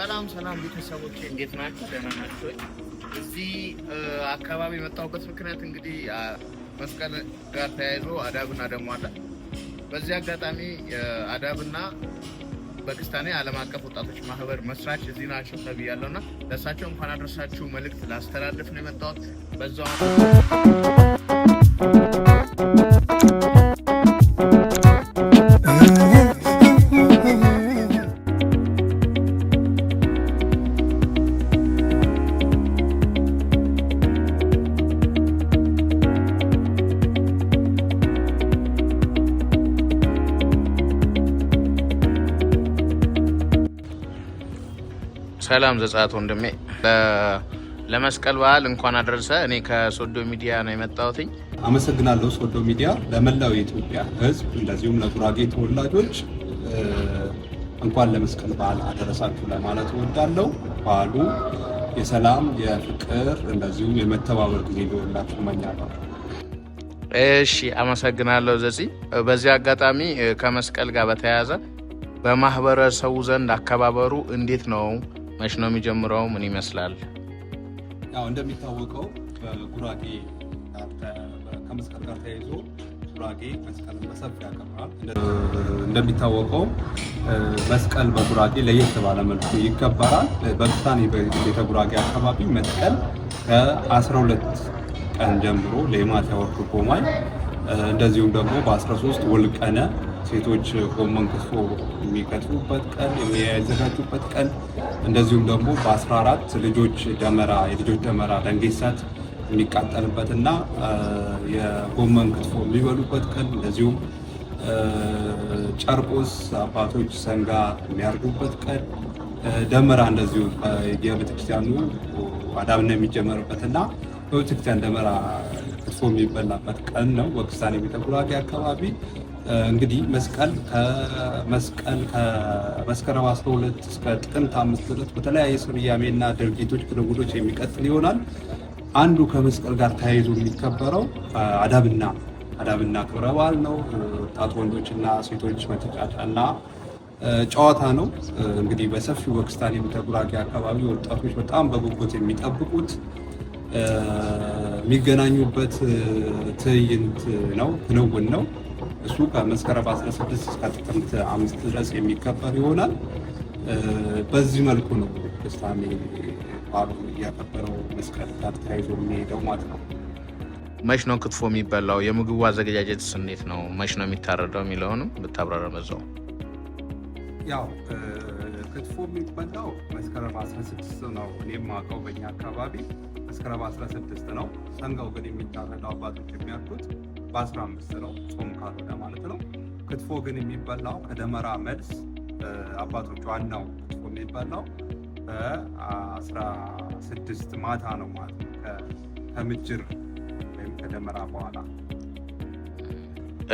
ሰላም ሰላም ቤተሰቦች እንዴት ናችሁ? ደህና ናችሁ? እዚህ አካባቢ የመጣሁበት ምክንያት እንግዲህ መስቀል ጋር ተያይዞ አዳብና ደግሞ አለ። በዚህ አጋጣሚ አዳብና በክስታኔ ዓለም አቀፍ ወጣቶች ማህበር መስራች እዚህ ናቸው ተብያለሁ እና ለእሳቸው እንኳን አደረሳችሁ መልእክት ላስተላልፍ ነው የመጣሁት በዛው ሰላም ዘጻት ወንድሜ፣ ለመስቀል በዓል እንኳን አደረሰ። እኔ ከሶዶ ሚዲያ ነው የመጣሁትኝ። አመሰግናለሁ። ሶዶ ሚዲያ ለመላው የኢትዮጵያ ሕዝብ እንደዚሁም ለጉራጌ ተወላጆች እንኳን ለመስቀል በዓል አደረሳችሁ ለማለት እወዳለሁ። በዓሉ የሰላም የፍቅር እንደዚሁም የመተባበር ጊዜ ሊሆንላችሁ እመኛለሁ። እሺ፣ አመሰግናለሁ ዘጺ። በዚህ አጋጣሚ ከመስቀል ጋር በተያያዘ በማህበረሰቡ ዘንድ አከባበሩ እንዴት ነው? መች ነው የሚጀምረው? ምን ይመስላል? ያው እንደሚታወቀው በጉራጌ ከመስቀል ጋር ተያይዞ ጉራጌ መስቀል በሰፊ ያከብራል። እንደሚታወቀው መስቀል በጉራጌ ለየት ባለ መልኩ ይከበራል። በብታኔ ቤተ ጉራጌ አካባቢ መስቀል ከ12 ቀን ጀምሮ ሌማት ያወርዱ ጎማኝ እንደዚሁም ደግሞ በ13 ወልቀነ ሴቶች ጎመን ክትፎ የሚከትፉበት ቀን የሚያዘጋጁበት ቀን እንደዚሁም ደግሞ በ14 ልጆች ደመራ የልጆች ደመራ ደንጌሳት የሚቃጠልበትና የጎመን ክትፎ የሚበሉበት ቀን እንደዚሁም ጨርቆስ አባቶች ሰንጋ የሚያርጉበት ቀን ደመራ እንደዚሁ የቤተክርስቲያኑ አዳብና የሚጀመርበትና በቤተክርስቲያን ደመራ ክትፎ የሚበላበት ቀን ነው። ወግሳኔ ቤተ አካባቢ እንግዲህ መስቀል ከመስቀል ከመስከረም 12 እስከ ጥቅምት አምስት ድረስ በተለያየ ስያሜና ድርጊቶች፣ ክንውኖች የሚቀጥል ይሆናል። አንዱ ከመስቀል ጋር ተያይዞ የሚከበረው አዳብና አዳብና ክብረ በዓል ነው። ወጣት ወንዶችና ሴቶች መተጫጫና ጨዋታ ነው። እንግዲህ በሰፊው ወክስታን የሚተጉራጌ አካባቢ ወጣቶች በጣም በጉጉት የሚጠብቁት የሚገናኙበት ትዕይንት ነው፣ ክንውን ነው። እሱ ከመስከረም 16 እስከ ጥቅምት አምስት ድረስ የሚከበር ይሆናል። በዚህ መልኩ ነው ፍጻሜ ባሉ እያከበረው መስቀል ጋር ተያይዞ የሚሄደው ማለት ነው። መች ነው ክትፎ የሚበላው? የምግቡ አዘገጃጀት እንዴት ነው? መች ነው የሚታረደው የሚለውንም ብታብራራ በዛው። ያው ክትፎ የሚበላው መስከረም 16 ነው። እኔም አውቀው በኛ አካባቢ መስከረም 16 ነው። ሰንጋው ግን የሚታረደው አባቶች የሚያርዱት በ15 ነው፣ ጾም ካልሆነ ማለት ነው። ክትፎ ግን የሚበላው ከደመራ መልስ አባቶች ዋናው ክትፎ የሚበላው በ16 ማታ ነው ማለት ነው፣ ከምጅር ወይም ከደመራ በኋላ።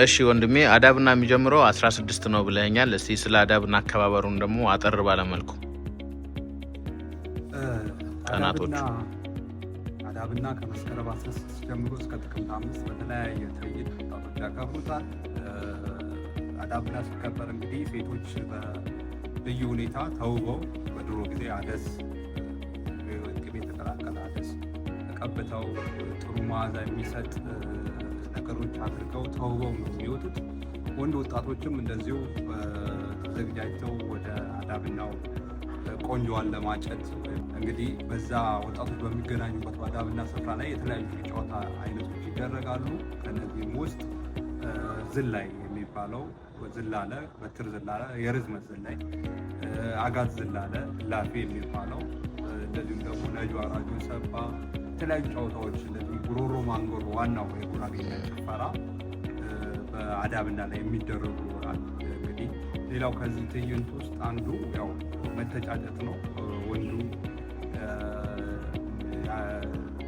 እሺ ወንድሜ አዳብና የሚጀምረው 16 ነው ብለኛል። እስቲ ስለ አዳብና አከባበሩን ደግሞ አጠር ባለመልኩ ቀናቶቹ ከአዳብና ከመስከረም 16 ጀምሮ እስከ ጥቅምት አምስት በተለያየ ትርኢት ወጣቶች ያከብሩታል። አዳብና ሲከበር እንግዲህ ሴቶች በልዩ ሁኔታ ተውበው በድሮ ጊዜ አደስ ቅቤ የተቀላቀለ አደስ ተቀብተው ጥሩ መዓዛ የሚሰጥ ነገሮች አድርገው ተውበው ነው የሚወጡት። ወንድ ወጣቶችም እንደዚሁ ተዘግጃጅተው ወደ አዳብናው ቆንጆዋን ለማጨት እንግዲህ በዛ ወጣቶች በሚገናኙበት ባዳብና ስፍራ ላይ የተለያዩ የጨዋታ አይነቶች ይደረጋሉ። ከነዚህም ውስጥ ዝላይ የሚባለው ዝላለ፣ በትር ዝላለ፣ የርዝመት ዝላይ፣ አጋዝ ዝላለ፣ ላፌ የሚባለው እንደዚሁም ደግሞ ነጆ፣ አራጆ፣ ሰባ የተለያዩ ጨዋታዎች እንደዚህ ጉሮሮ ማንጎሮ ዋናው የጉራጌኛ ጭፈራ በአዳብና ላይ የሚደረጉ አሉ። ሌላው ከዚህ ትዕይንት ውስጥ አንዱ ያው መተጫጨት ነው። ወንዱ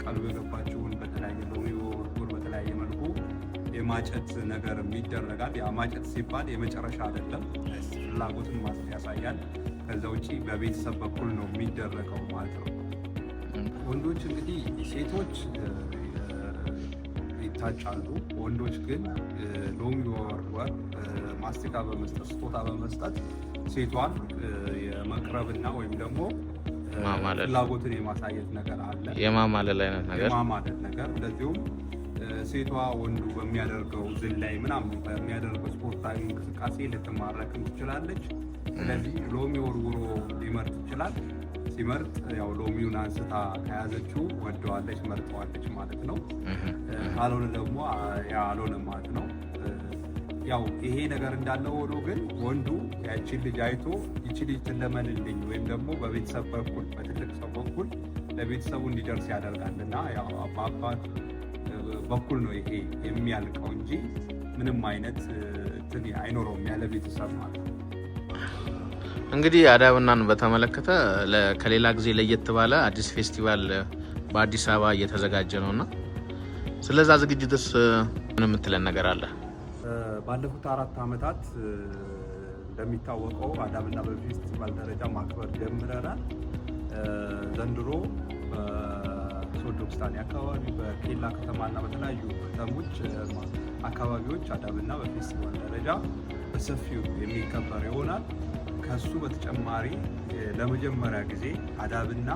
ቀልቡ የገባችውን በተለያየ ሎሚ ወር በተለያየ መልኩ የማጨት ነገር ይደረጋል። ያ ማጨት ሲባል የመጨረሻ አይደለም፣ ፍላጎትን ማስ ያሳያል። ከዛ ውጭ በቤተሰብ በኩል ነው የሚደረገው ማለት ነው። ወንዶች እንግዲህ ሴቶች ይታጫሉ፣ ወንዶች ግን ሎሚ ወርወር ማስቲካ በመስጠት ስጦታ በመስጠት ሴቷን የመቅረብና ወይም ደግሞ ፍላጎትን የማሳየት ነገር አለ። የማማለል አይነት ነገር የማማለል ነገር እንደዚሁም ሴቷ ወንዱ በሚያደርገው ላይ ምናምን በሚያደርገው ስፖርታዊ እንቅስቃሴ ልትማረክም ትችላለች። ስለዚህ ሎሚ ወርውሮ ሊመርጥ ይችላል። ሲመርጥ ያው ሎሚውን አንስታ ከያዘችው ወደዋለች፣ መርጠዋለች ማለት ነው። ካልሆነ ደግሞ ያልሆነ ማለት ነው። ያው ይሄ ነገር እንዳለ ሆኖ ግን ወንዱ ያቺን ልጅ አይቶ ይቺ ልጅ ትለመንልኝ ወይም ደግሞ በቤተሰብ በኩል በትልቅ ሰው በኩል ለቤተሰቡ እንዲደርስ ያደርጋል እና በአባት በኩል ነው ይሄ የሚያልቀው እንጂ ምንም አይነት እንትን አይኖረውም ያለ ቤተሰብ ማለት ነው። እንግዲህ አዳብናን በተመለከተ ከሌላ ጊዜ ለየት ባለ አዲስ ፌስቲቫል በአዲስ አበባ እየተዘጋጀ እና ስለዛ ዝግጅትስ ምን የምትለን ነገር አለ? ባለፉት አራት ዓመታት እንደሚታወቀው አዳምና በፌስቲቫል ደረጃ ማክበር ጀምረናል። ዘንድሮ በሶዶ ክስታኔ አካባቢ በኬላ ከተማና በተለያዩ ከተሞች አካባቢዎች አዳምና በፌስቲቫል ደረጃ በሰፊው የሚከበር ይሆናል። ከሱ በተጨማሪ ለመጀመሪያ ጊዜ አዳብና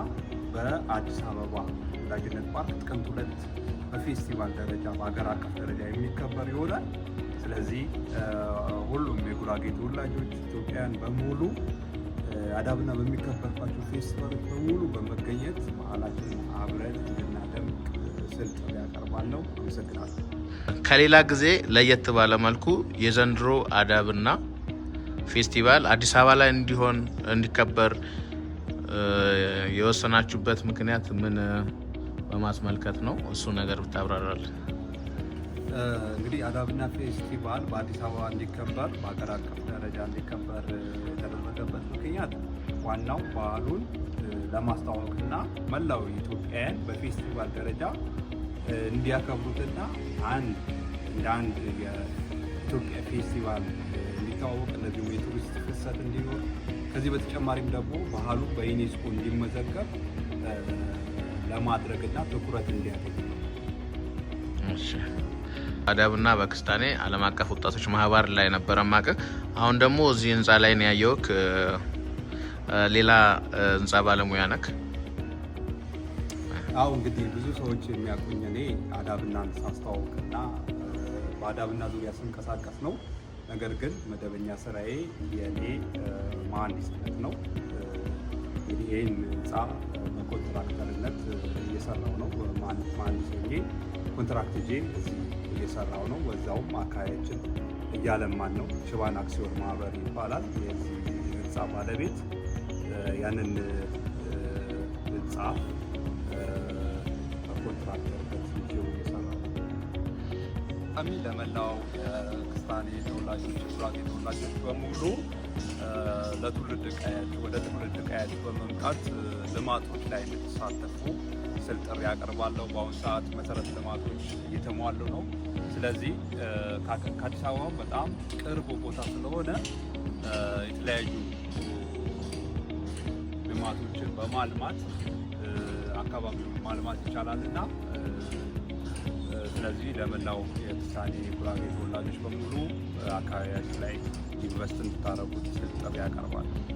በአዲስ አበባ ወዳጅነት ፓርክ ጥቅምት ሁለት በፌስቲቫል ደረጃ በሀገር አቀፍ ደረጃ የሚከበር ይሆናል። ስለዚህ ሁሉም የጉራጌ ተወላጆች ኢትዮጵያውያን በሙሉ አዳብና በሚከበርባቸው ፌስቲቫሎች በሙሉ በመገኘት ባህላችን አብረን እንድናደምቅ ስልት ያቀርባለሁ። አመሰግናለሁ። ከሌላ ጊዜ ለየት ባለ መልኩ የዘንድሮ አዳብና ፌስቲቫል አዲስ አበባ ላይ እንዲሆን እንዲከበር የወሰናችሁበት ምክንያት ምን በማስመልከት ነው? እሱ ነገር ብታብራራል። እንግዲህ አዳብና ፌስቲቫል በአዲስ አበባ እንዲከበር በሀገር አቀፍ ደረጃ እንዲከበር የተደረገበት ምክንያት ዋናው በዓሉን ለማስተዋወቅና መላው ኢትዮጵያውያን በፌስቲቫል ደረጃ እንዲያከብሩትና አንድ እንደ አንድ የኢትዮጵያ ፌስቲቫል እንዲተዋወቅ እንደዚሁም የቱሪስት ፍሰት እንዲኖር ከዚህ በተጨማሪም ደግሞ ባህሉ በዩኔስኮ እንዲመዘገብ ለማድረግና ትኩረት እንዲያገኝ ነው። አዳብና በክስታኔ ዓለም አቀፍ ወጣቶች ማህበር ላይ ነበረ ማቅ አሁን ደግሞ እዚህ ህንፃ ላይ ነው ያየውክ። ሌላ ህንፃ ባለሙያ ነክ። አዎ እንግዲህ ብዙ ሰዎች የሚያውቁኝ እኔ አዳብና ሳስተዋውቅና በአዳብና ዙሪያ ስንቀሳቀስ ነው። ነገር ግን መደበኛ ስራዬ የእኔ መሀንዲስነት ነው። እንግዲህ ይህን ህንፃ በኮንትራክተርነት እየሰራው ነው። መሀንዲስ ሆኜ ኮንትራክት እጄ እየሰራው ነው። በዛውም አካባቢያችን እያለማን ነው። ሽባን አክሲዮን ማህበር ይባላል የዚህ ህንፃ ባለቤት። ያንን ህንፃ በኮንትራክተር እየሰራ ለመላው ክስታኔ ተወላጆች፣ የሱራቴ ተወላጆች በሙሉ ለትውልድ ቀያቸው ወደ ትውልድ ቀያቸው በመምጣት ልማቶች ላይ እንድትሳተፉ ስል ጥሪ ያቀርባለሁ። በአሁኑ ሰዓት መሰረተ ልማቶች እየተሟሉ ነው። ስለዚህ ከአዲስ አበባ በጣም ቅርብ ቦታ ስለሆነ የተለያዩ ልማቶችን በማልማት አካባቢውን ማልማት ይቻላል እና ስለዚህ ለመላው የትሳኔ ጉራጌ ተወላጆች በሙሉ አካባቢያችን ላይ ኢንቨስት እንድታደረጉት ስል ጥሪ ያቀርባለሁ።